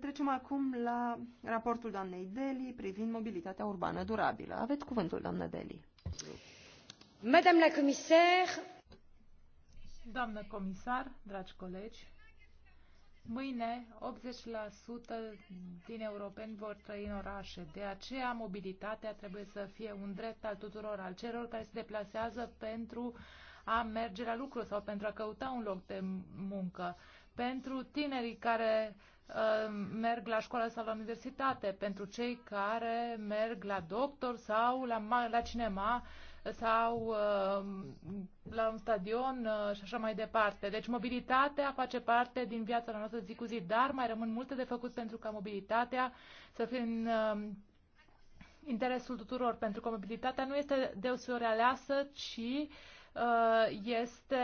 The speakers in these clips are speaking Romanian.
Trecem acum la raportul doamnei Deli privind mobilitatea urbană durabilă. Aveți cuvântul, doamnă Deli. Madame la comisar... Doamnă comisar, dragi colegi, Mâine, 80% din europeni vor trăi în orașe. De aceea, mobilitatea trebuie să fie un drept al tuturor, al celor care se deplasează pentru a merge la lucru sau pentru a căuta un loc de muncă. Pentru tinerii care Uh, merg la școală sau la universitate, pentru cei care merg la doctor sau la, la cinema sau uh, la un stadion uh, și așa mai departe. Deci mobilitatea face parte din viața noastră zi cu zi, dar mai rămân multe de făcut pentru ca mobilitatea să fie în interesul tuturor, pentru că mobilitatea nu este deoseori aleasă, ci uh, Uh, este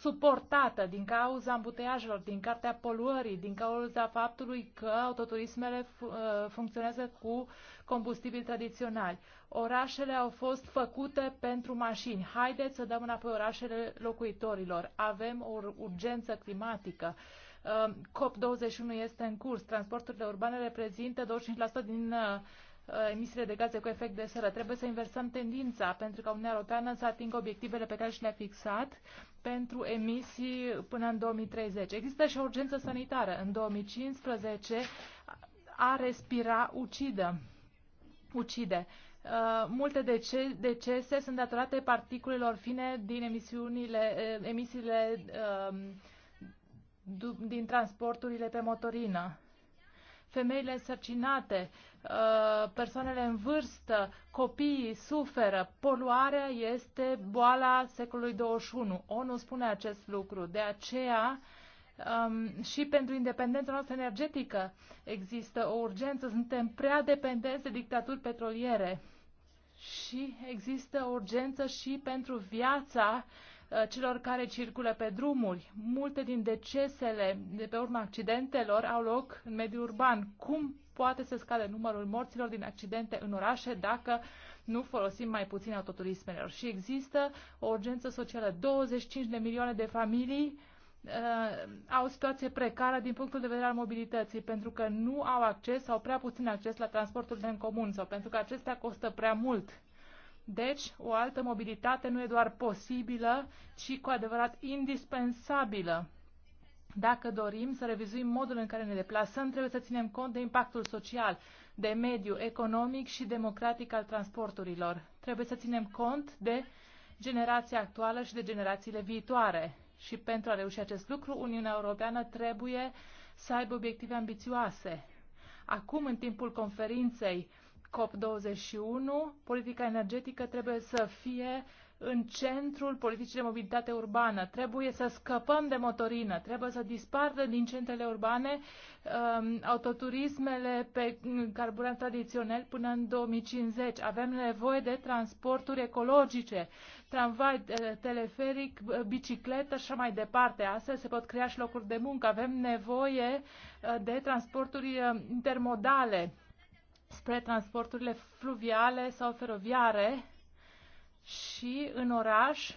suportată din cauza îmbuteiajelor, din cartea poluării, din cauza faptului că autoturismele uh, funcționează cu combustibili tradiționali. Orașele au fost făcute pentru mașini. Haideți să dăm înapoi orașele locuitorilor. Avem o urgență climatică. Uh, COP21 este în curs. Transporturile urbane reprezintă 25% din Uh, emisiile de gaze cu efect de seră. Trebuie să inversăm tendința pentru ca Uniunea Europeană să atingă obiectivele pe care și le-a fixat pentru emisii până în 2030. Există și o urgență sanitară. În 2015 a respira ucidă. ucide. Uh, multe dece- decese sunt datorate particulelor fine din emisiunile, uh, emisiile uh, din transporturile pe motorină femeile însărcinate, uh, persoanele în vârstă, copiii suferă. Poluarea este boala secolului 21. ONU spune acest lucru. De aceea, um, și pentru independența noastră energetică există o urgență. Suntem prea dependenți de dictaturi petroliere și există o urgență și pentru viața uh, Uh, celor care circulă pe drumuri. Multe din decesele de pe urma accidentelor au loc în mediul urban. Cum poate să scade numărul morților din accidente în orașe dacă nu folosim mai puțin autoturismelor? Și există o urgență socială. 25 de milioane de familii uh, au o situație precară din punctul de vedere al mobilității, pentru că nu au acces sau prea puțin acces la transportul în comun sau pentru că acestea costă prea mult. Deci, o altă mobilitate nu e doar posibilă, ci cu adevărat indispensabilă. Dacă dorim să revizuim modul în care ne deplasăm, trebuie să ținem cont de impactul social, de mediu, economic și democratic al transporturilor. Trebuie să ținem cont de generația actuală și de generațiile viitoare. Și pentru a reuși acest lucru, Uniunea Europeană trebuie să aibă obiective ambițioase. Acum, în timpul conferinței COP21, politica energetică trebuie să fie în centrul politicii de mobilitate urbană. Trebuie să scăpăm de motorină, trebuie să dispară din centrele urbane um, autoturismele pe carburant tradițional până în 2050. Avem nevoie de transporturi ecologice, tramvai, teleferic, bicicletă și mai departe. Astfel se pot crea și locuri de muncă. Avem nevoie uh, de transporturi uh, intermodale spre transporturile fluviale sau feroviare și în oraș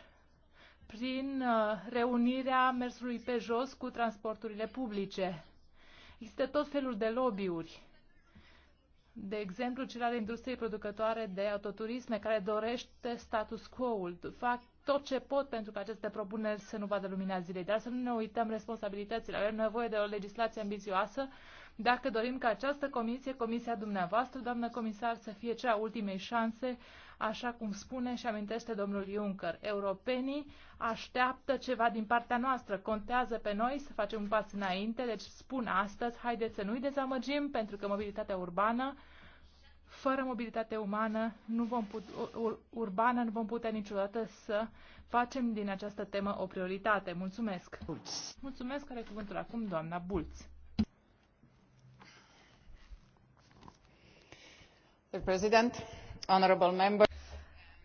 prin uh, reunirea mersului pe jos cu transporturile publice. Există tot felul de lobby-uri. De exemplu, cel al industriei producătoare de autoturisme care dorește status quo-ul. Fac tot ce pot pentru că aceste propuneri să nu vadă lumina zilei. Dar să nu ne uităm responsabilitățile. Avem nevoie de o legislație ambițioasă dacă dorim ca această comisie, comisia dumneavoastră, doamnă comisar, să fie cea ultimei șanse, așa cum spune și amintește domnul Juncker. Europenii așteaptă ceva din partea noastră, contează pe noi să facem un pas înainte, deci spun astăzi, haideți să nu-i dezamăgim, pentru că mobilitatea urbană fără mobilitate umană nu vom put, ur, urbană nu vom putea niciodată să facem din această temă o prioritate. Mulțumesc! Mulțumesc, are cuvântul acum doamna Bulți.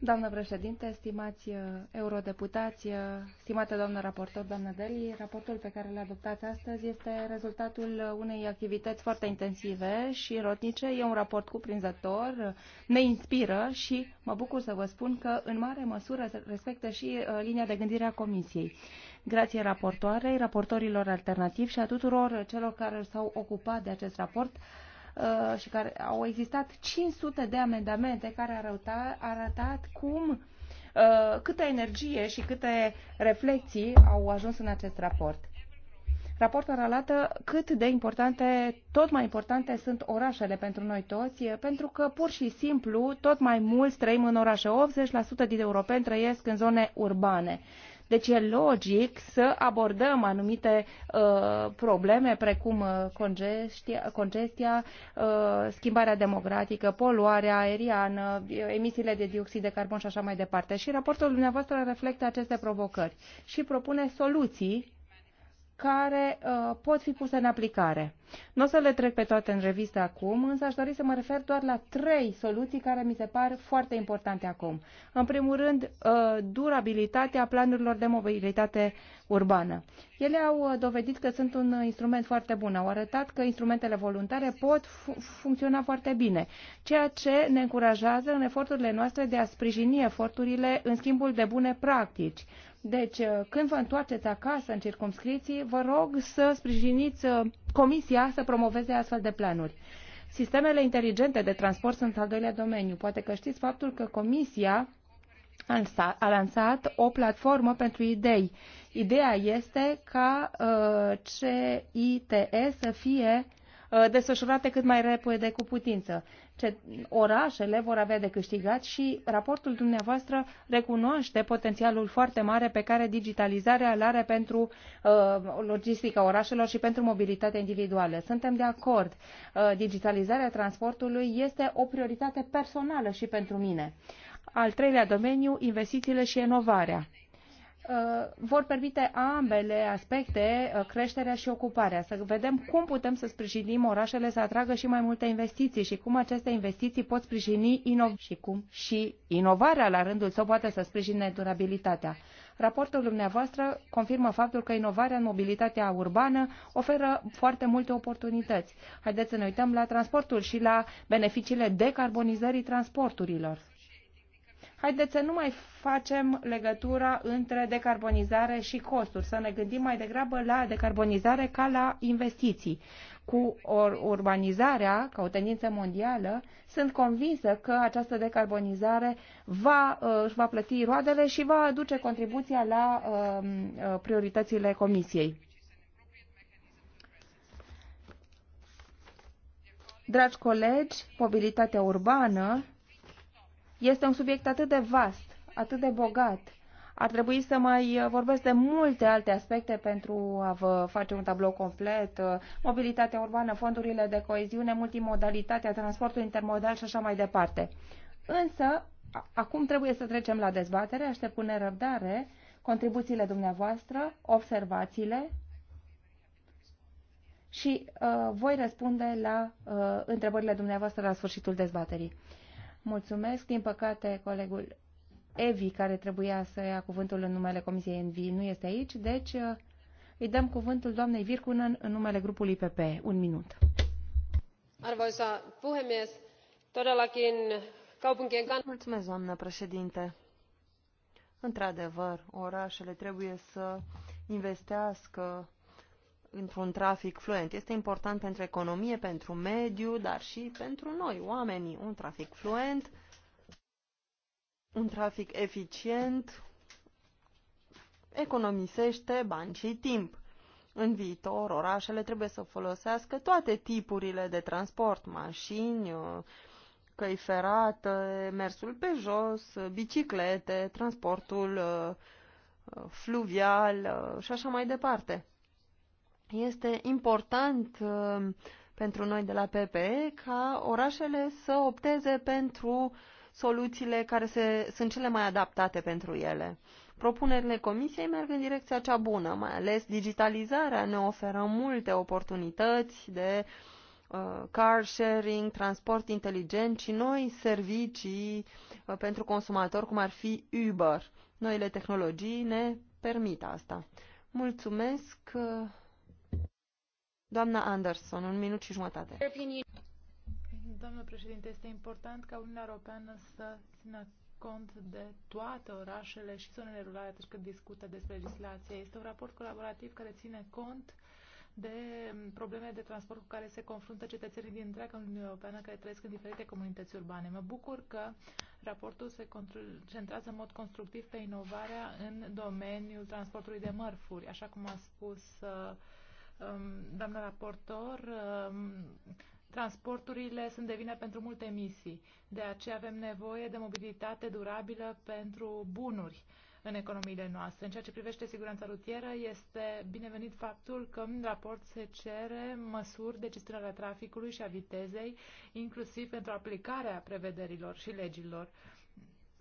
doamnă președinte stimați uh, eurodeputați uh, stimată doamnă raportor doamnă delli raportul pe care l adoptați astăzi este rezultatul uh, unei activități foarte intensive și rotnice e un raport cuprinzător ne inspiră și mă bucur să vă spun că în mare măsură respectă și linia de gândire a comisiei. Grație raportoarei, raportorilor alternativi și a tuturor celor care s-au ocupat de acest raport, Uh, și care au existat 500 de amendamente care arăta, arătat cum uh, câtă energie și câte reflexii au ajuns în acest raport. Raportul arată cât de importante, tot mai importante sunt orașele pentru noi toți, pentru că pur și simplu tot mai mulți trăim în orașe. 80% din europeni trăiesc în zone urbane deci e logic să abordăm anumite uh, probleme precum uh, congestia, congestia uh, schimbarea democratică, poluarea aeriană, emisiile de dioxid de carbon și așa mai departe. Și raportul dumneavoastră reflectă aceste provocări și propune soluții care uh, pot fi puse în aplicare. Nu o să le trec pe toate în revistă acum, însă aș dori să mă refer doar la trei soluții care mi se par foarte importante acum. În primul rând, uh, durabilitatea planurilor de mobilitate urbană. Ele au uh, dovedit că sunt un instrument foarte bun. Au arătat că instrumentele voluntare pot fu- funcționa foarte bine, ceea ce ne încurajează în eforturile noastre de a sprijini eforturile în schimbul de bune practici deci, uh, când vă întoarceți acasă în circumscriții, vă rog să sprijiniți uh, comisia să promoveze astfel de planuri. Sistemele inteligente de transport sunt al doilea domeniu. Poate că știți faptul că comisia a lansat o platformă pentru idei. Ideea este ca uh, CITS să fie Uh, desfășurate cât mai repede cu putință. Ce orașele vor avea de câștigat și raportul dumneavoastră recunoaște potențialul foarte mare pe care digitalizarea îl are pentru uh, logistica orașelor și pentru mobilitatea individuală. Suntem de acord. Uh, digitalizarea transportului este o prioritate personală și pentru mine. Al treilea domeniu, investițiile și inovarea. Uh, vor permite ambele aspecte, uh, creșterea și ocuparea. Să vedem cum putem să sprijinim orașele să atragă și mai multe investiții și cum aceste investiții pot sprijini inov- și cum și inovarea la rândul său poate să sprijine durabilitatea. Raportul dumneavoastră confirmă faptul că inovarea în mobilitatea urbană oferă foarte multe oportunități. Haideți să ne uităm la transportul și la beneficiile decarbonizării transporturilor Haideți să nu mai facem legătura între decarbonizare și costuri, să ne gândim mai degrabă la decarbonizare ca la investiții. Cu urbanizarea, ca o tendință mondială, sunt convinsă că această decarbonizare va, uh, își va plăti roadele și va aduce contribuția la um, uh, prioritățile Comisiei. Dragi colegi, mobilitatea urbană este un subiect atât de vast, atât de bogat. Ar trebui să mai uh, vorbesc de multe alte aspecte pentru a vă face un tablou complet. Uh, mobilitatea urbană, fondurile de coeziune, multimodalitatea, transportul intermodal și așa mai departe. Însă, acum trebuie să trecem la dezbatere. Aștept cu nerăbdare contribuțiile dumneavoastră, observațiile și uh, voi răspunde la uh, întrebările dumneavoastră la sfârșitul dezbaterii. Mulțumesc. Din păcate, colegul Evi, care trebuia să ia cuvântul în numele Comisiei Envi, nu este aici, deci uh, îi dăm cuvântul doamnei Virkunen în numele grupului PP. Un minut. Arvoisa puhemies, todellakin kaupunkien kan... Mulțumesc, doamnă președinte. Într-adevăr, orașele trebuie să investească într-un trafic fluent. Este important pentru economie, pentru mediu, dar și pentru noi, oamenii. Un trafic fluent, un trafic eficient, economisește bani și timp. În viitor, orașele trebuie să folosească toate tipurile de transport, mașini, uh, căi ferate, mersul pe jos, uh, biciclete, transportul uh, fluvial și așa mai departe. Este important uh, pentru noi de la PPE ca orașele să opteze pentru soluțiile care se, sunt cele mai adaptate pentru ele. Propunerile Comisiei merg în direcția cea bună, mai ales digitalizarea ne oferă multe oportunități de uh, car sharing, transport inteligent și noi servicii uh, pentru consumatori, cum ar fi Uber. Noile tehnologii ne permit asta. Mulțumesc! Uh, Doamna Anderson, un minut și jumătate. Doamnă președinte, este important ca Uniunea Europeană să țină cont de toate orașele și zonele rurale atunci când discută despre legislație. Este un raport colaborativ care ține cont de probleme de transport cu care se confruntă cetățenii din întreaga Uniune Europeană care trăiesc în diferite comunități urbane. Mă bucur că raportul se concentrează în mod constructiv pe inovarea în domeniul transportului de mărfuri, așa cum a spus uh, Um, doamna raportor, um, transporturile sunt de vină pentru multe emisii. De aceea avem nevoie de mobilitate durabilă pentru bunuri în economiile noastre. În ceea ce privește siguranța rutieră, este binevenit faptul că în raport se cere măsuri de gestionare a traficului și a vitezei, inclusiv pentru aplicarea prevederilor și legilor.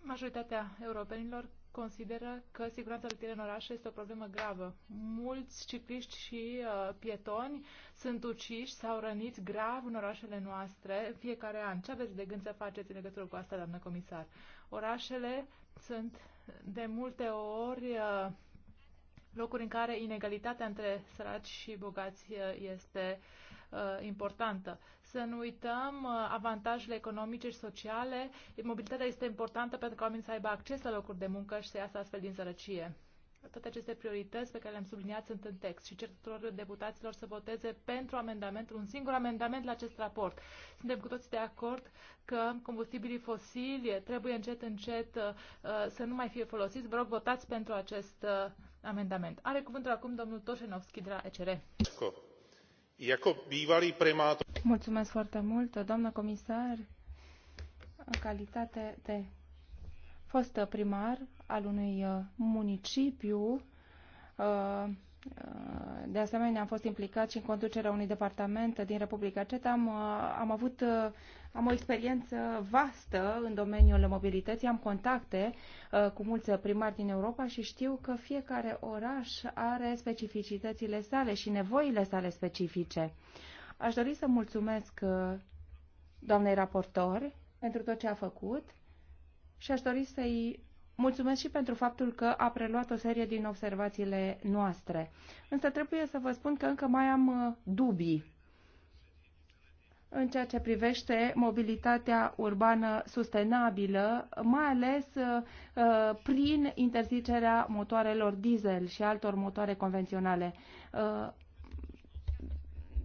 Majoritatea europenilor consideră că siguranța rutieră în oraș este o problemă gravă. Mulți cicliști și uh, pietoni sunt uciși sau răniți grav în orașele noastre fiecare an. Ce aveți de gând să faceți în legătură cu asta, doamnă comisar? Orașele sunt de multe ori uh, locuri în care inegalitatea între săraci și bogați uh, este uh, Uh, importantă. Să nu uităm uh, avantajele economice și sociale. Mobilitatea este importantă pentru că oamenii să aibă acces la locuri de muncă și să iasă astfel din sărăcie. Toate aceste priorități pe care le-am subliniat sunt în text și cer tuturor deputaților să voteze pentru amendamentul, un singur amendament la acest raport. Suntem cu toții de acord că combustibilii fosili trebuie încet, încet uh, să nu mai fie folosiți. Vă rog, votați pentru acest amendament. Are cuvântul acum domnul Toșenovski de la ECR. Jako bývalý primátor... Mulțumesc foarte mult, doamnă comisar, în calitate de fost primar al unui uh, municipiu uh, Uh, de asemenea, am fost implicat și în conducerea unui departament din Republica Ceta. Am, uh, am avut uh, am o experiență vastă în domeniul mobilității, am contacte cu mulți primari din Europa și știu că fiecare oraș are specificitățile sale și nevoile sale specifice. Aș dori să mulțumesc doamnei raportor pentru tot ce a făcut și aș dori să-i Mulțumesc și pentru faptul că a preluat o serie din observațiile noastre. Însă trebuie să vă spun că încă mai am uh, dubii în ceea ce privește mobilitatea urbană sustenabilă, mai ales uh, uh prin interzicerea motoarelor diesel și altor motoare convenționale. Uh,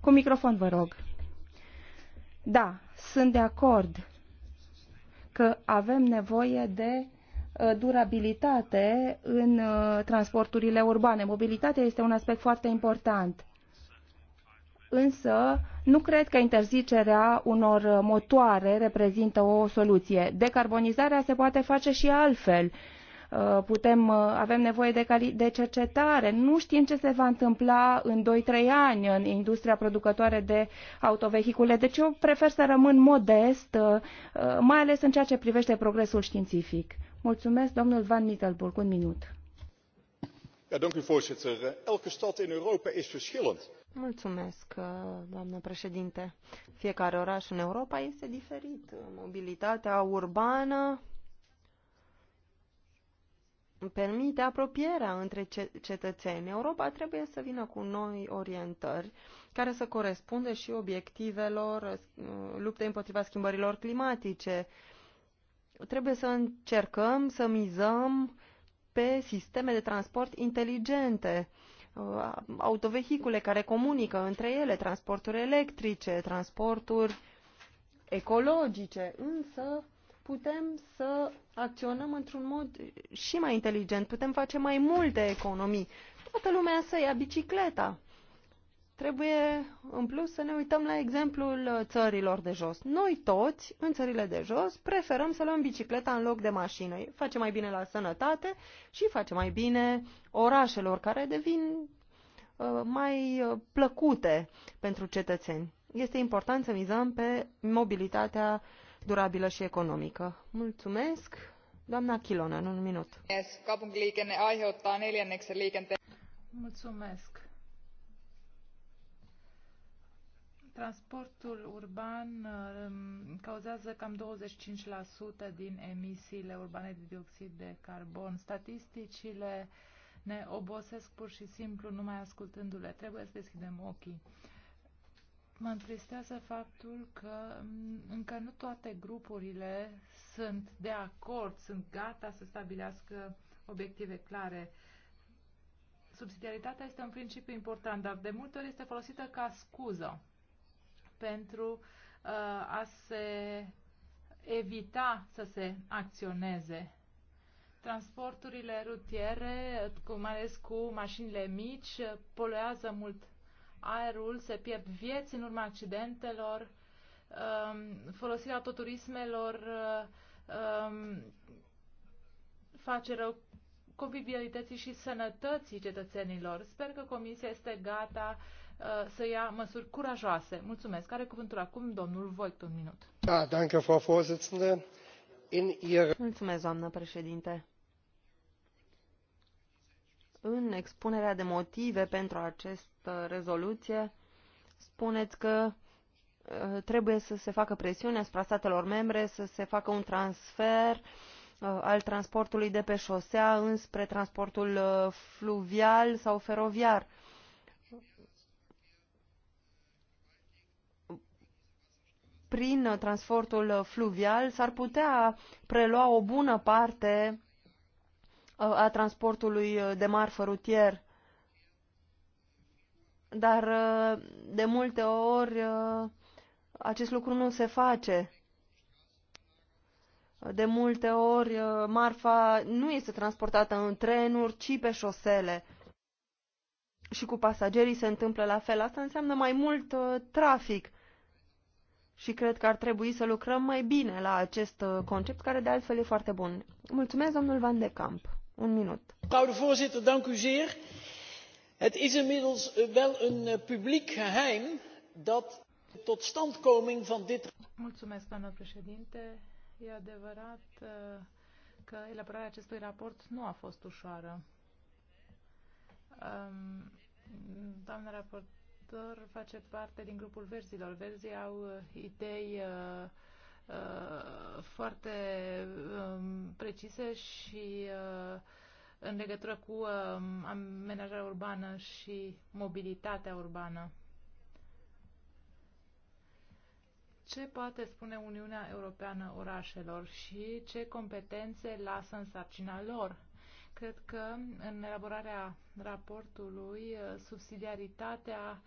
Cu microfon, vă rog. Da, sunt de acord că avem nevoie de uh, durabilitate în uh, transporturile urbane. Mobilitatea este un aspect foarte important. Însă, nu cred că interzicerea unor uh, motoare reprezintă o soluție. Decarbonizarea se poate face și altfel Uh, putem, uh, avem nevoie de, de cercetare, nu știm ce se va întâmpla în 2-3 ani în industria producătoare de autovehicule. Deci eu prefer să rămân modest, uh, mai ales în ceea ce privește progresul științific. Mulțumesc, domnul Van Mittelburg, un minut. voorzitter. Elke stad in Europa is verschillend. Mulțumesc, doamnă președinte. Fiecare oraș în Europa este diferit. Mobilitatea urbană permite apropierea între cetățeni. Europa trebuie să vină cu noi orientări care să corespundă și obiectivelor uh, luptei împotriva schimbărilor climatice. Trebuie să încercăm să mizăm pe sisteme de transport inteligente, uh, autovehicule care comunică între ele, transporturi electrice, transporturi ecologice, însă putem să acționăm într-un mod și mai inteligent, putem face mai multe economii. Toată lumea să ia bicicleta. Trebuie, în plus, să ne uităm la exemplul țărilor de jos. Noi toți, în țările de jos, preferăm să luăm bicicleta în loc de mașină. Face mai bine la sănătate și face mai bine orașelor care devin uh, mai uh, plăcute pentru cetățeni. Este important să mizăm pe mobilitatea uh, durabilă și economică. Mulțumesc. Doamna în un minut. Mulțumesc. Transportul urban um, cauzează cam 25% din emisiile urbane de dioxid de carbon. Statisticile ne obosesc pur și simplu numai ascultându-le. Trebuie să deschidem ochii. Mă întristează faptul că încă nu toate grupurile sunt de acord, sunt gata să stabilească obiective clare. Subsidiaritatea este un principiu important, dar de multe ori este folosită ca scuză pentru uh, a se evita să se acționeze. Transporturile rutiere, mai ales cu mașinile mici, poluează mult aerul, se pierd vieți în urma accidentelor, um, folosirea autoturismelor um, face rău convivialității și sănătății cetățenilor. Sper că Comisia este gata uh, să ia măsuri curajoase. Mulțumesc. Care cuvântul acum domnul Voigt, un minut. Da, danke, Frau Vorsitzende. In ihre... Mulțumesc, doamnă președinte în expunerea de motive pentru această rezoluție, spuneți că uh, trebuie să se facă presiune asupra statelor membre, să se facă un transfer uh, al transportului de pe șosea înspre transportul uh, fluvial sau feroviar. Prin transportul fluvial s-ar putea prelua o bună parte a transportului uh, de marfă rutier. Dar uh, de multe ori uh, acest lucru nu se face. De multe ori marfa nu este transportată în trenuri, ci pe șosele. Și cu pasagerii se întâmplă la fel. Asta înseamnă mai mult trafic și cred că ar trebui să lucrăm mai bine la acest concept, care de altfel e foarte bun. Mulțumesc, domnul Van de Camp. Voorzitter, Het is inmiddels eh, wel een eh, publiek geheim dat totstandkoming van dit. Mulțumesc, doamnă președinte. E eh, că elaborarea acestui raport nu a fost ușoară. Ehm, doamna raportor face parte din grupul verzilor. Verzii idei Uh, foarte um, precise și uh, în legătură cu um, amenajarea urbană și mobilitatea urbană. ce poate spune Uniunea Europeană orașelor și ce competențe lasă în sarcina lor. Cred că în elaborarea raportului uh, subsidiaritatea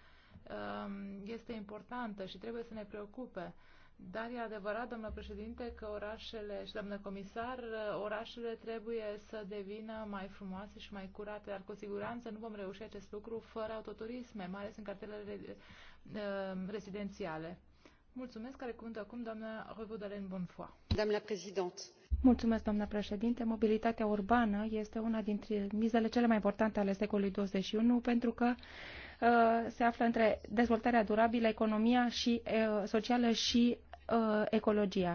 um, este importantă și trebuie să ne preocupe dar e adevărat, domnule președinte, că orașele și doamnă comisar, orașele trebuie să devină mai frumoase și mai curate, dar cu siguranță nu vom reuși acest lucru fără autoturisme, mai ales în cartelele eh, rezidențiale. Mulțumesc, care cuvânt acum doamna Revaudalene Bonfoy. Doamna președinte. Mulțumesc, doamna președinte. Mobilitatea urbană este una dintre mizele cele mai importante ale secolului 21 pentru că Uh, se află între dezvoltarea durabilă, economia și, uh, socială și uh, ecologia.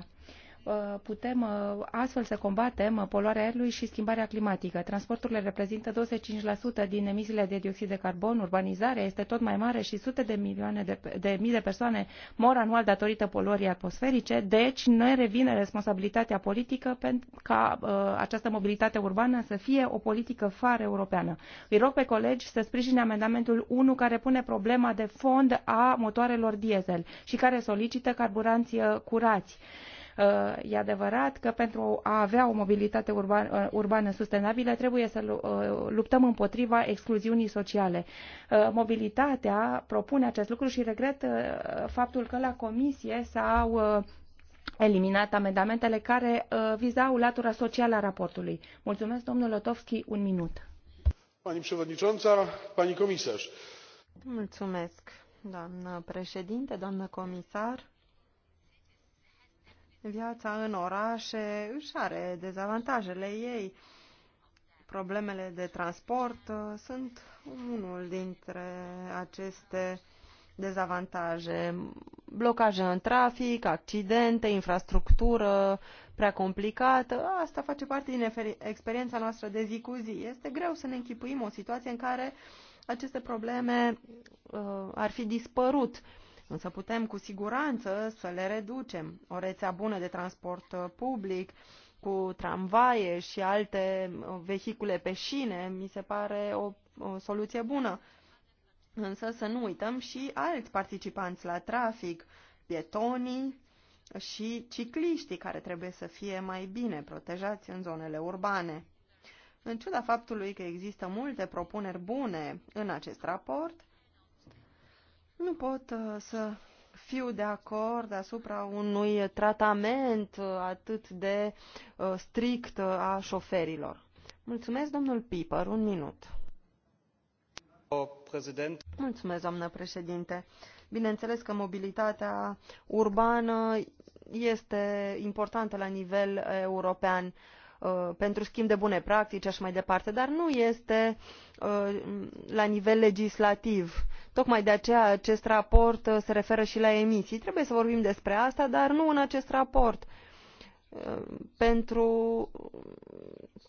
Uh, putem uh, astfel să combatem uh, poluarea aerului și schimbarea climatică. Transporturile reprezintă 25% din emisiile de dioxid de carbon, urbanizarea este tot mai mare și sute de milioane de, de mii de persoane mor anual datorită poluării atmosferice, deci ne revine responsabilitatea politică pentru ca uh, această mobilitate urbană să fie o politică far europeană. Îi rog pe colegi să sprijine amendamentul 1 care pune problema de fond a motoarelor diesel și care solicită carburanți curați. Uh, e adevărat că pentru a avea o mobilitate urbană uh, urbană sustenabilă trebuie să uh, luptăm împotriva excluziunii sociale. Mobilitatea propune acest lucru și regret faptul că la comisie s-au eliminat amendamentele care vizau latura socială a raportului. Mulțumesc, domnul Lotovski, un minut. Pani przewodnicząca, pani komisarz. Mulțumesc, doamnă președinte, doamnă comisar viața în orașe își are dezavantajele ei. Problemele de transport uh, sunt unul dintre aceste dezavantaje. Blocaje în trafic, accidente, infrastructură prea complicată, asta face parte din experiența noastră de zi cu zi. Este greu să ne închipuim o situație în care aceste probleme uh, ar fi dispărut uh, Însă putem cu siguranță să le reducem. O rețea bună de transport uh, public cu tramvaie și alte uh, vehicule pe șine mi se pare o, o soluție bună. Însă să nu uităm și alți participanți la trafic, pietonii și cicliștii care trebuie să fie mai bine protejați în zonele urbane. În ciuda faptului că există multe propuneri bune în acest raport, nu pot uh, să fiu de acord asupra unui tratament uh, atât de uh, strict a șoferilor. Mulțumesc, domnul Piper. Un minut. President. Mulțumesc, doamnă președinte. Bineînțeles că mobilitatea urbană este importantă la nivel european Uh, pentru schimb de bune practici și așa mai departe, dar nu este uh, la nivel legislativ. Tocmai de aceea acest raport uh, se referă și la emisii. Trebuie să vorbim despre asta, dar nu în acest raport. Pentru...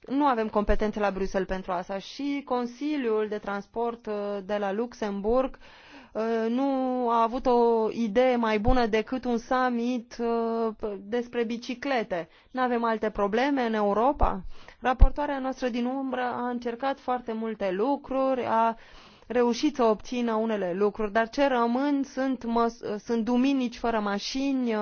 Nu avem competențe la Bruxelles pentru asta și Consiliul de Transport de la Luxemburg uh, Uh, nu a avut o idee mai bună decât un summit uh, despre biciclete. Nu avem alte probleme în Europa? Raportoarea noastră din umbră a încercat foarte multe lucruri, a reușit să obțină unele lucruri, dar ce rămân sunt, sunt duminici fără mașini, uh,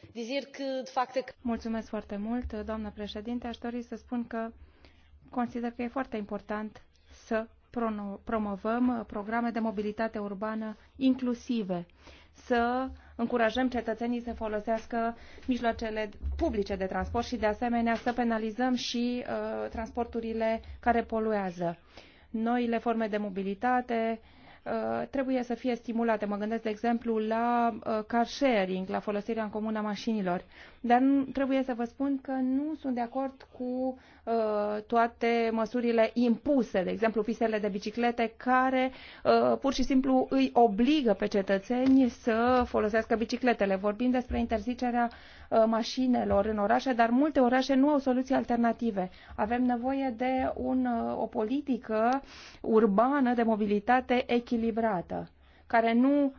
Mulțumesc foarte mult, doamnă președinte. Aș dori să spun că consider că e foarte important să promovăm programe de mobilitate urbană inclusive, să încurajăm cetățenii să folosească mijloacele publice de transport și, de asemenea, să penalizăm și uh, transporturile care poluează. Noile forme de mobilitate uh, Uh, trebuie să fie stimulate. Mă gândesc, de exemplu, la uh, car sharing, la folosirea în comun a mașinilor dar trebuie să vă spun că nu sunt de acord cu uh, toate măsurile impuse, de exemplu pistele de biciclete, care uh, pur și simplu îi obligă pe cetățeni să folosească bicicletele. Vorbim despre interzicerea uh, mașinelor în orașe, dar multe orașe nu au soluții alternative. Avem nevoie de un, uh, o politică urbană de mobilitate echilibrată care nu uh,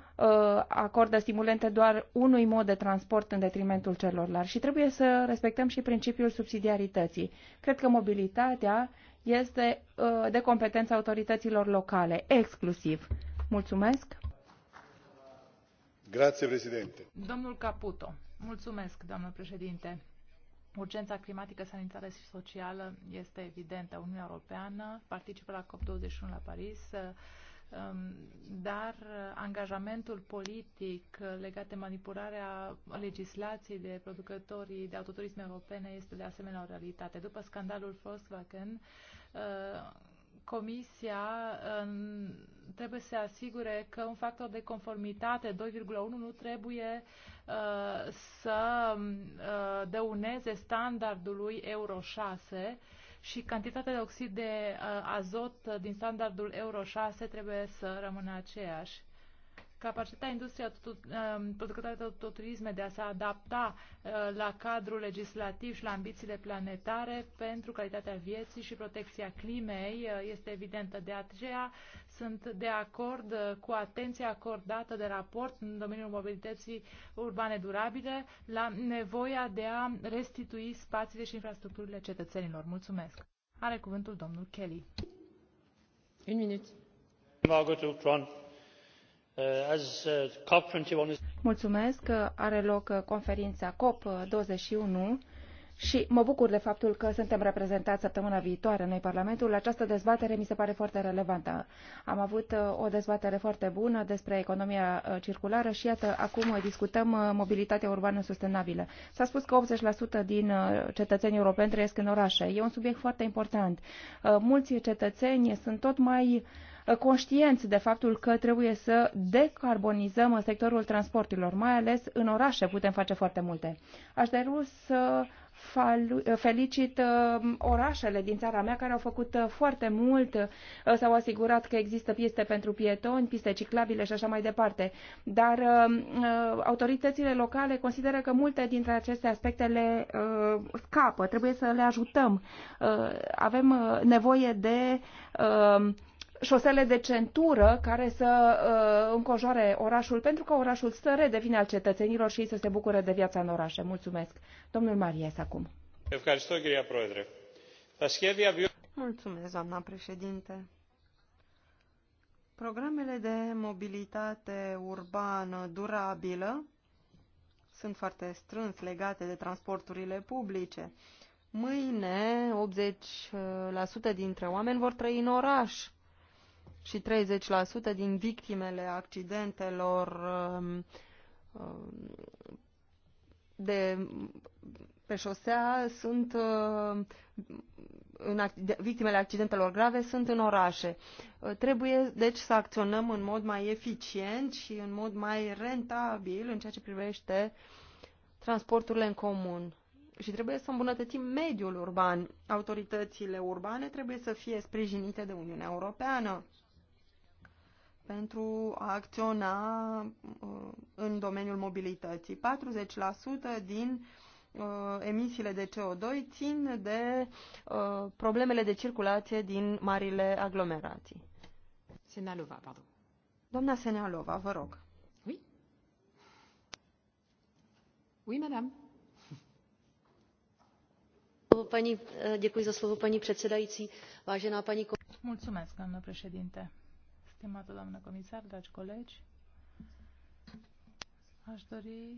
acordă stimulente doar unui mod de transport în detrimentul celorlalți și trebuie să respectăm și principiul subsidiarității. Cred că mobilitatea este uh, de competența autorităților locale, exclusiv. Mulțumesc! Grazie, președinte. Domnul Caputo, mulțumesc, doamnă președinte. Urgența climatică, sanitară și socială este evidentă. Uniunea Europeană participă la COP21 la Paris Um, dar angajamentul politic legat de manipularea legislației de producătorii de autoturisme europene este de asemenea o realitate. După scandalul Volkswagen, uh, Comisia trebuie să se asigure că un factor de conformitate 2,1 nu trebuie uh, să uh, dăuneze standardului Euro 6 și cantitatea de oxid de uh, azot uh, din standardul Euro 6 trebuie să rămână aceeași capacitatea industriei um, producătoare de autoturisme de a se adapta uh, la cadrul legislativ și la ambițiile planetare pentru calitatea vieții și protecția climei uh, este evidentă. De aceea sunt de acord uh, cu atenția acordată de raport în domeniul mobilității urbane durabile la nevoia de a restitui spațiile și infrastructurile cetățenilor. Mulțumesc. Are cuvântul domnul Kelly. Un minut. Margaret Ultron. Uh, uh, Mulțumesc. Uh, are loc conferința COP21 și mă bucur de faptul că suntem reprezentați săptămâna viitoare noi Parlamentul. Această dezbatere mi se pare foarte relevantă. Am avut o dezbatere foarte bună despre economia circulară și iată, acum discutăm mobilitatea urbană sustenabilă. S-a spus că 80% din cetățenii europeni trăiesc în orașe. E un subiect foarte important. Mulți cetățeni sunt tot mai conștienți de faptul că trebuie să decarbonizăm în sectorul transporturilor, mai ales în orașe putem face foarte multe. Aș dori să felicit uh, orașele din țara mea care au făcut uh, foarte mult, uh, s-au asigurat că există piste pentru pietoni, piste ciclabile și așa mai departe. Dar autoritățile locale consideră că multe dintre aceste aspecte le scapă, trebuie să le ajutăm. Avem nevoie de șosele de centură care să uh, încojoare orașul, pentru că orașul să redevine al cetățenilor și ei să se bucure de viața în orașe. Mulțumesc. Domnul Marias acum. Mulțumesc, doamna președinte. Programele de mobilitate urbană durabilă sunt foarte strâns legate de transporturile publice. Mâine, 80% dintre oameni vor trăi în oraș și 30% din victimele accidentelor um, um, de pe șosea sunt uh, în, victimele accidentelor grave sunt în orașe. Uh, trebuie deci să acționăm în mod mai eficient și în mod mai rentabil în ceea ce privește transporturile în comun. Și trebuie să îmbunătățim mediul urban. Autoritățile urbane trebuie să fie sprijinite de Uniunea Europeană pentru a acționa uh, în domeniul mobilității. 40% din uh, emisiile de CO2 țin de uh, problemele de circulație din marile aglomerații. Senalova, pardon. Doamna Senalova, vă rog. Oui. Oui, madame. Pani, eh, děkuji za slovo, paní předsedající. Vážená paní... Mulțumesc, doamnă președinte Stimată doamnă comisar, dragi colegi, aș dori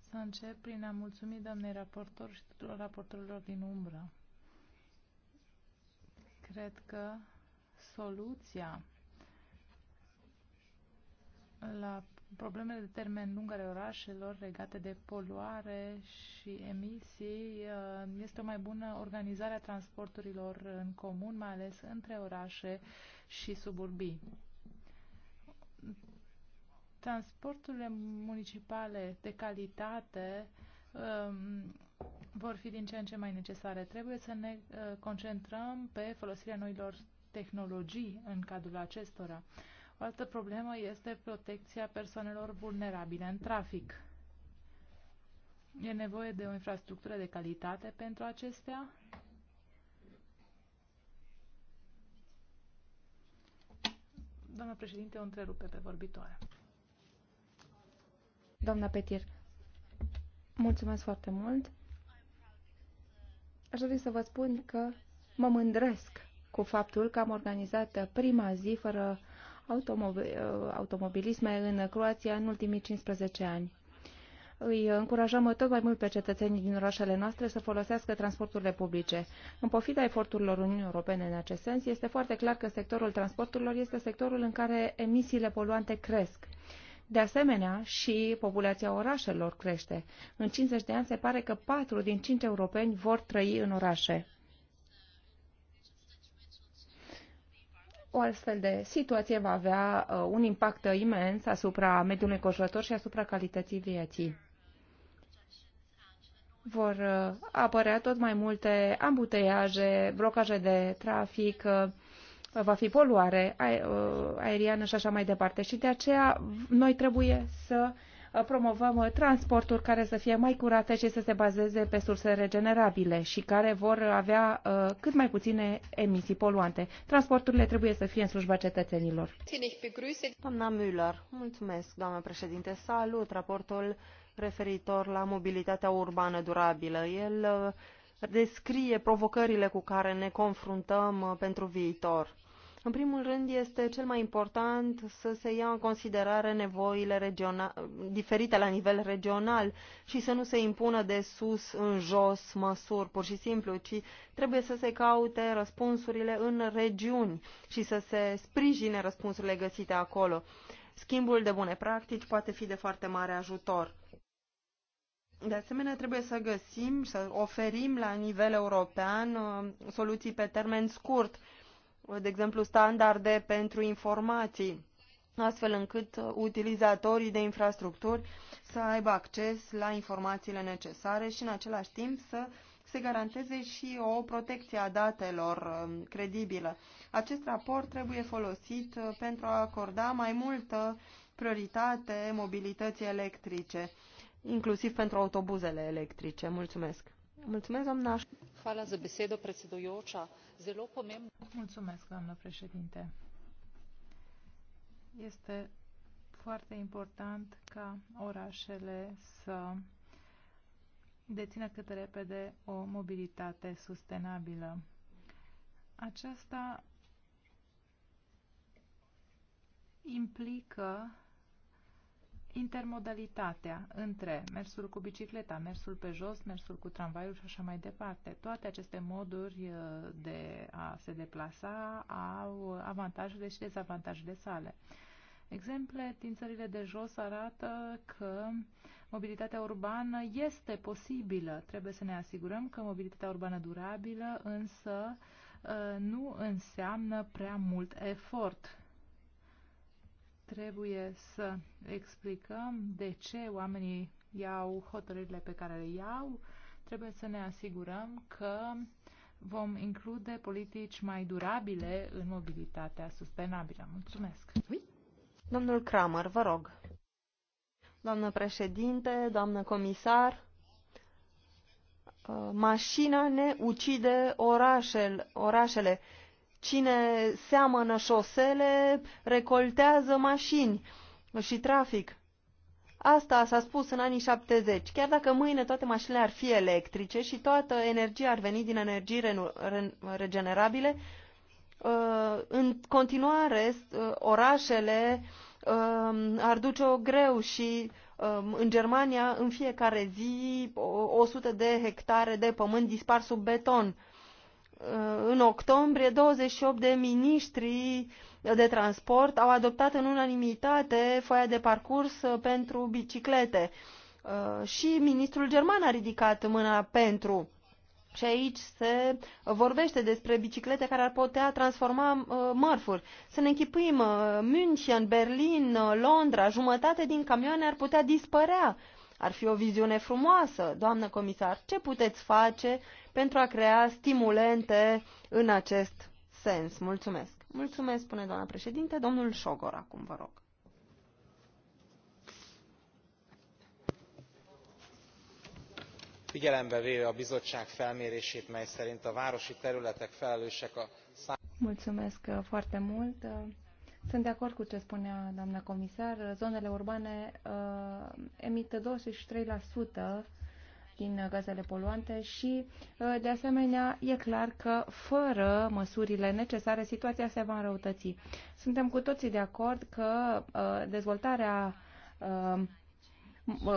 să încep prin a mulțumi doamnei raportor și tuturor raportorilor din umbră. Cred că soluția la problemele de termen lung ale orașelor legate de poluare și emisii uh, este o mai bună organizare a transporturilor în comun, mai ales între orașe și suburbii. Transporturile municipale de calitate um, vor fi din ce în ce mai necesare. Trebuie să ne uh, concentrăm pe folosirea noilor tehnologii în cadrul acestora. O altă problemă este protecția persoanelor vulnerabile în trafic. E nevoie de o infrastructură de calitate pentru acestea? Doamna președinte, o întrerupe pe vorbitoare. Doamna Petir, mulțumesc foarte mult. Aș dori să vă spun că mă mândresc cu faptul că am organizat prima zi fără Uh, automobilisme în Croația în ultimii 15 ani. Îi încurajăm tot mai mult pe cetățenii din orașele noastre să folosească transporturile publice. În pofida eforturilor Uniunii Europene în acest sens, este foarte clar că sectorul transporturilor este sectorul în care emisiile poluante cresc. De asemenea, și populația orașelor crește. În 50 de ani se pare că 4 din 5 europeni vor trăi în orașe. o astfel de situație va avea uh, un impact imens asupra mediului înconjurător și asupra calității vieții. Vor uh, apărea tot mai multe ambuteiaje, blocaje de trafic, uh, va fi poluare aeriană și așa mai departe. Și de aceea noi trebuie să uh, promovăm transporturi care să fie mai curate și să se bazeze pe surse regenerabile și care vor avea uh, cât mai puține emisii poluante. Transporturile trebuie să fie în slujba cetățenilor. Doamna Müller, mulțumesc, doamnă președinte. Salut raportul referitor la mobilitatea urbană durabilă. El uh, descrie provocările cu care ne confruntăm uh, pentru viitor în primul rând, este cel mai important să se ia în considerare nevoile diferite la nivel regional și să nu se impună de sus în jos măsuri, pur și simplu, ci trebuie să se caute răspunsurile în regiuni și să se sprijine răspunsurile găsite acolo. Schimbul de bune practici poate fi de foarte mare ajutor. De asemenea, trebuie să găsim, să oferim la nivel european uh, soluții pe termen scurt de exemplu, standarde pentru informații, astfel încât utilizatorii de infrastructuri să aibă acces la informațiile necesare și, în același timp, să se garanteze și o protecție a datelor um, credibilă. Acest raport trebuie folosit uh, pentru a acorda mai multă prioritate mobilității electrice, inclusiv pentru autobuzele electrice. Mulțumesc! Mulțumesc, doamna! Hvala za besedo, predsedujoča zelo pomembno. Mulțumesc, doamnă președinte. Este foarte important ca orașele să dețină cât de repede o mobilitate sustenabilă. Aceasta implică intermodalitatea între mersul cu bicicleta, mersul pe jos, mersul cu tramvaiul și așa mai departe. Toate aceste moduri uh, de a se deplasa au avantajele și dezavantajele sale. Exemple din țările de jos arată că mobilitatea urbană este posibilă. Trebuie să ne asigurăm că mobilitatea urbană durabilă însă uh, nu înseamnă prea mult efort Trebuie să explicăm de ce oamenii iau hotărârile pe care le iau. Trebuie să ne asigurăm că vom include politici mai durabile în mobilitatea sustenabilă. Mulțumesc! Oui? Domnul Kramer, vă rog. Doamnă președinte, doamnă comisar, uh, mașina ne ucide orașel, orașele. Cine seamănă șosele, recoltează mașini și trafic. Asta s-a spus în anii 70. Chiar dacă mâine toate mașinile ar fi electrice și toată energia ar veni din energii regenerabile, uh, în continuare uh, orașele um, ar duce-o greu și um, în Germania în fiecare zi 100 de hectare de pământ dispar sub beton Uh, în octombrie 28 de miniștri de transport au adoptat în unanimitate foaia de parcurs uh, pentru biciclete. Uh, și ministrul german a ridicat mâna pentru. Și aici se vorbește despre biciclete care ar putea transforma mărfuri. Să ne închipuim, München, Berlin, Londra, jumătate din camioane ar putea dispărea. Ar fi o viziune frumoasă, doamnă comisar. Ce puteți face pentru a crea stimulente în acest sens. Mulțumesc. Mulțumesc, spune doamna președinte. Domnul Șogor, acum vă rog. figyelembe véve a bizottság felmérését mely szerint a városi területek felelősek a szám... Mulțumesc uh, foarte mult. Uh, sunt de acord cu ce spunea doamna comisar. Zonele urbane uh, emită 23% din gazele poluante și, uh, de asemenea, e clar că fără măsurile necesare situația se va înrăutăți. Suntem cu toții de acord că uh, dezvoltarea uh,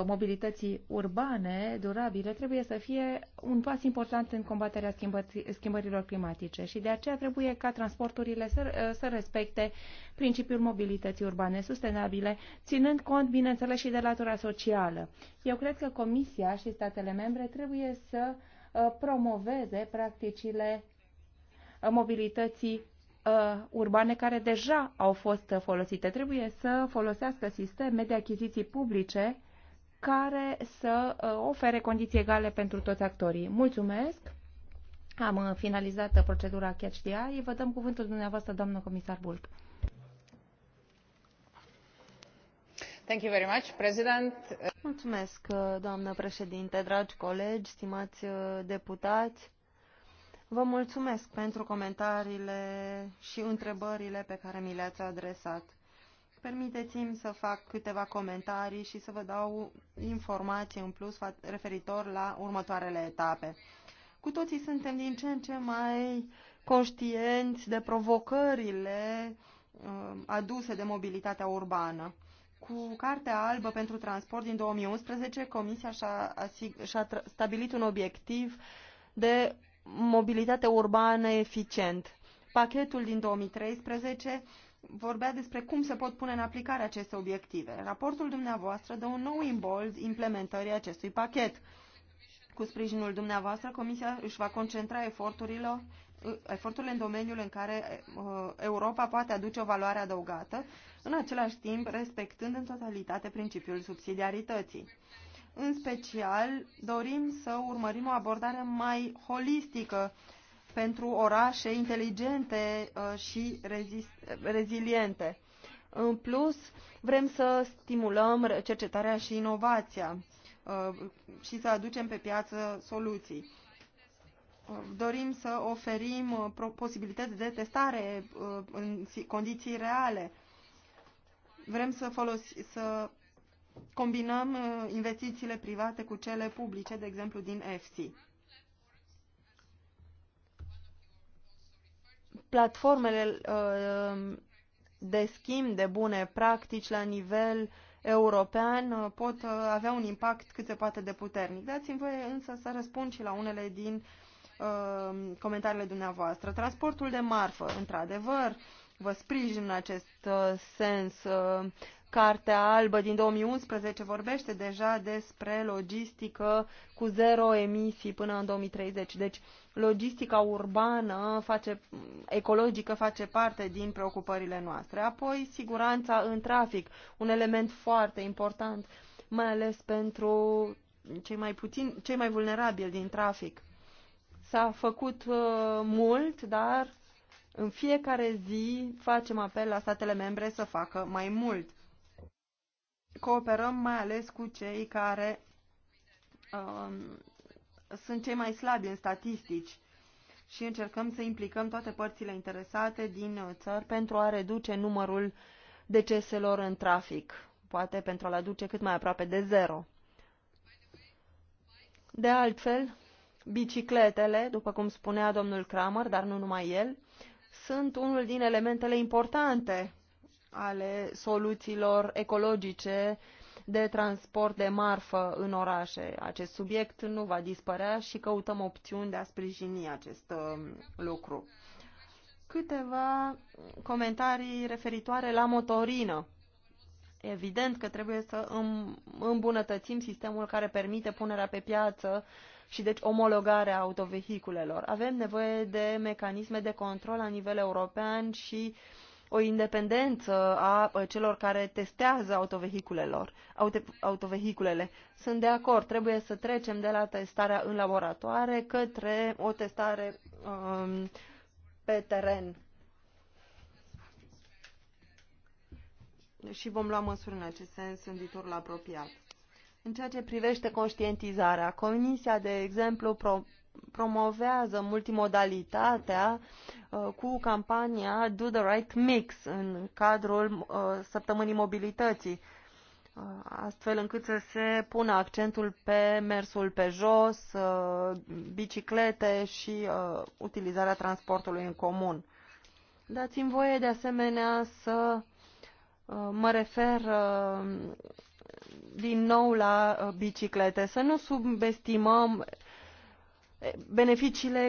mobilității urbane durabile trebuie să fie un pas important în combaterea schimbărilor climatice și de aceea trebuie ca transporturile să, ă, să respecte principiul mobilității urbane sustenabile, ținând cont, bineînțeles, și de latura socială. Eu cred că Comisia și statele membre trebuie să ă, promoveze practicile ă, mobilității urbane care deja au fost folosite. Trebuie să folosească sisteme de achiziții publice care să uh, ofere condiții egale pentru toți actorii. Mulțumesc! Am uh, finalizat procedura Catch the Eye. Vă dăm cuvântul dumneavoastră, doamnă comisar Bulc. Thank you very much, President. Mulțumesc, uh, doamnă președinte, dragi colegi, stimați deputați. Vă mulțumesc pentru comentariile și întrebările pe care mi le-ați adresat. Permiteți-mi să fac câteva comentarii și să vă dau informații în plus referitor la următoarele etape. Cu toții suntem din ce în ce mai conștienți de provocările um, aduse de mobilitatea urbană. Cu Cartea Albă pentru Transport din 2011, Comisia și-a, și stabilit un obiectiv de mobilitate urbană eficient. Pachetul din 2013 vorbea despre cum se pot pune în aplicare aceste obiective. Raportul dumneavoastră dă un nou imbold implementării acestui pachet. Cu sprijinul dumneavoastră, Comisia își va concentra eforturile, eforturile în domeniul în care uh, Europa poate aduce o valoare adăugată, în același timp respectând în totalitate principiul subsidiarității. În special, dorim să urmărim o abordare mai holistică pentru orașe inteligente uh, și reziliente. În plus, vrem să stimulăm cercetarea și inovația uh, și să aducem pe piață soluții. Uh, dorim să oferim posibilități de testare în condiții reale. Vrem să, folosi, să combinăm investițiile private cu cele publice, de exemplu din EFSI. platformele uh, de schimb de bune practici la nivel european uh, pot uh, avea un impact cât se poate de puternic. Dați-mi voie însă să răspund și la unele din uh, comentariile dumneavoastră. Transportul de marfă, într-adevăr, vă sprijin în acest uh, sens. Uh, Cartea albă din 2011 vorbește deja despre logistică cu zero emisii până în 2030. Deci logistica urbană face, ecologică face parte din preocupările noastre. Apoi, siguranța în trafic, un element foarte important, mai ales pentru cei mai, puțin, cei mai vulnerabili din trafic. S-a făcut uh, mult, dar în fiecare zi facem apel la statele membre să facă mai mult. Cooperăm mai ales cu cei care uh, sunt cei mai slabi în statistici și încercăm să implicăm toate părțile interesate din uh, țări pentru a reduce numărul deceselor în trafic, poate pentru a-l aduce cât mai aproape de zero. De altfel, bicicletele, după cum spunea domnul Kramer, dar nu numai el, sunt unul din elementele importante ale soluțiilor ecologice de transport de marfă în orașe. Acest subiect nu va dispărea și căutăm opțiuni de a sprijini acest uh, lucru. Câteva comentarii referitoare la motorină. Evident că trebuie să îmbunătățim sistemul care permite punerea pe piață și deci omologarea autovehiculelor. Avem nevoie de mecanisme de control la nivel european și uh, o independență a celor care testează autovehiculelor, auto, autovehiculele. Sunt de acord, trebuie să trecem de la testarea în laboratoare către o testare um, pe teren. Și vom lua măsuri în acest sens în viitorul apropiat. În ceea ce privește conștientizarea, Comisia, de exemplu, pro promovează multimodalitatea uh, cu campania Do the Right Mix în cadrul uh, săptămânii mobilității, uh, astfel încât să se pună accentul pe mersul pe jos, biciclete și utilizarea transportului în comun. Dați-mi voie de asemenea să mă refer din nou la biciclete, să nu subestimăm beneficiile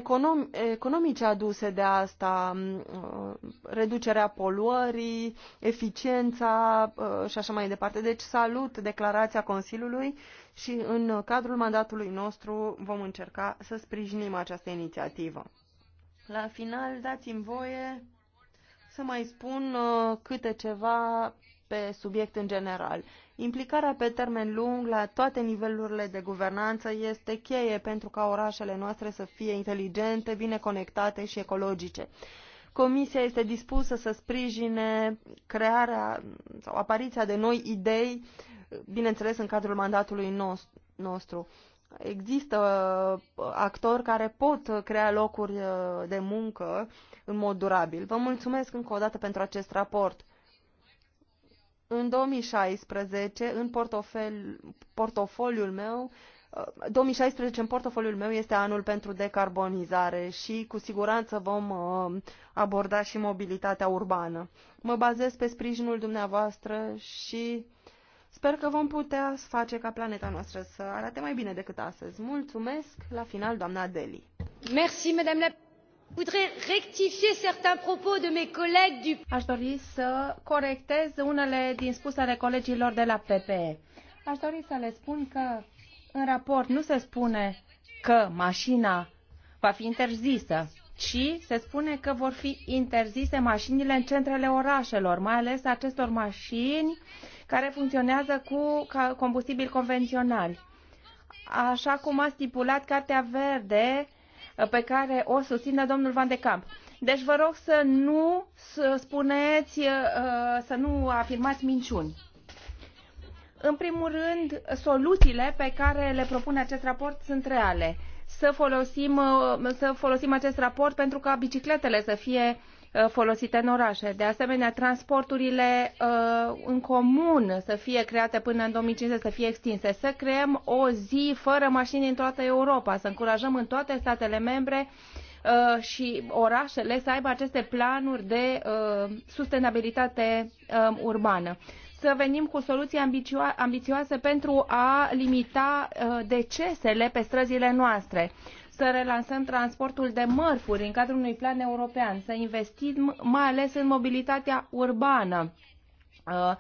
economice aduse de asta, mm, uh, reducerea poluării, eficiența uh, și așa mai departe. Deci salut declarația Consiliului și în cadrul mandatului nostru vom încerca să sprijinim această inițiativă. La final, dați-mi voie să mai spun uh, câte ceva pe subiect în general. Implicarea pe termen lung la toate nivelurile de guvernanță este cheie pentru ca orașele noastre să fie inteligente, bine conectate și ecologice. Comisia este dispusă să sprijine crearea sau apariția de noi idei, bineînțeles în cadrul mandatului nostru. Există uh, actori care pot crea locuri uh, de muncă în mod durabil. Vă mulțumesc încă o dată pentru acest raport. În 2016, în portofel, portofoliul meu, 2016 uh, în portofoliul meu este anul pentru decarbonizare și cu siguranță vom uh, aborda și mobilitatea urbană. Mă bazez pe sprijinul dumneavoastră și sper că vom putea face ca planeta noastră să arate mai bine decât astăzi. Mulțumesc, la final, doamna Deli. Merci, madame la... Aș dori să corectez unele din spusele colegilor de la PPE. Aș dori să le spun că în raport nu se spune că mașina va fi interzisă, ci se spune că vor fi interzise mașinile în centrele orașelor, mai ales acestor mașini care funcționează cu combustibil convențional. Așa cum a stipulat Cartea Verde, pe care o susține domnul Van de Camp. Deci vă rog să nu spuneți, uh, să nu afirmați minciuni. În primul rând, soluțiile pe care le propune acest raport sunt reale. Să folosim, uh, să folosim acest raport pentru ca bicicletele să fie Uh, folosite în orașe. De asemenea, transporturile uh, în comun să fie create până în 2050, să fie extinse, să creăm o zi fără mașini în toată Europa, să încurajăm în toate statele membre uh, și orașele să aibă aceste planuri de sustenabilitate um, urbană să venim cu soluții ambicio- ambițioase pentru a limita uh, decesele pe străzile noastre să relansăm transportul de mărfuri în cadrul unui plan european, să investim mai ales în mobilitatea urbană uh,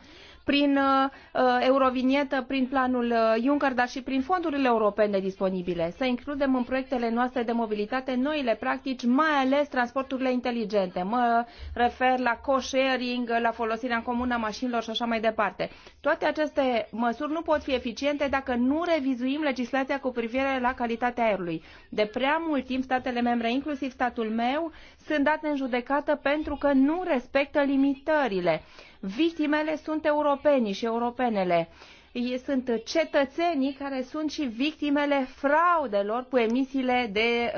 prin uh, eurovinietă, prin planul uh, Juncker, dar și prin fondurile europene disponibile. Să includem în proiectele noastre de mobilitate noile practici, mai ales transporturile inteligente. Mă refer la co-sharing, la folosirea în comună a mașinilor și așa mai departe. Toate aceste măsuri nu pot fi eficiente dacă nu revizuim legislația cu privire la calitatea aerului. De prea mult timp, statele membre, inclusiv statul meu, sunt date în judecată pentru că nu respectă limitările Victimele sunt europenii și europenele. Sunt cetățenii care sunt și victimele fraudelor cu emisiile de,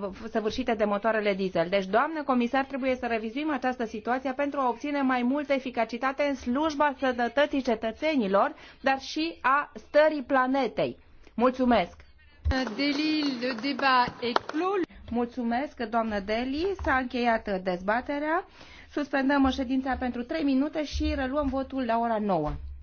uh, săvârșite de motoarele diesel. Deci, doamnă comisar, trebuie să revizuim această situație pentru a obține mai multă eficacitate în slujba sănătății cetățenilor, dar și a stării planetei. Mulțumesc! Mulțumesc, doamnă Deli. S-a încheiat dezbaterea. Suspendăm ședința pentru trei minute și reluăm votul la ora nouă.